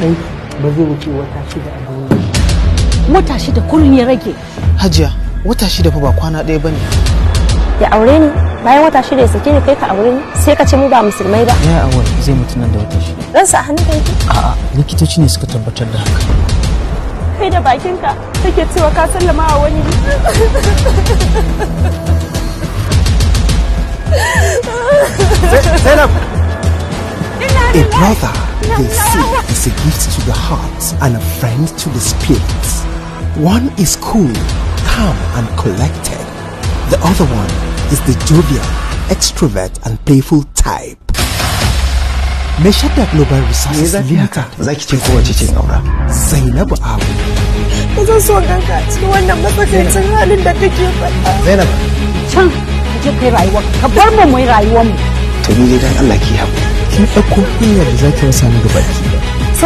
ɗanki ba zai wuce wata shida a duniya wata shida kullum ya rage hajiya wata shida fa ba kwana ɗaya bane ya aure ni bayan wata shida ya sake ni kai ka aure ni sai ka ce mu ba musulmai ba ya aure zai mutu nan da wata shida dan sa hannu kai a'a likitoci ne suka tabbatar da haka kai da bakinka kake cewa ka sallama a wani Zainab! A brother they see is a gift to the heart and a friend to the spirit. One is cool, calm, and collected. The other one is the jovial, extrovert, and playful type. Me that Global Resources Limited. Za ki ce kowace ce Naura. Zainabu Abu. Ba zan so ganka cikin wannan matsakaicin halin da kake faɗa. Zainab. Can ka je kai rayuwa ka I want mu yi rayuwar mu. To ni dai dan Allah ki haƙuri. Kin ɗauko hanyar da za ki rasa ni gaba ki.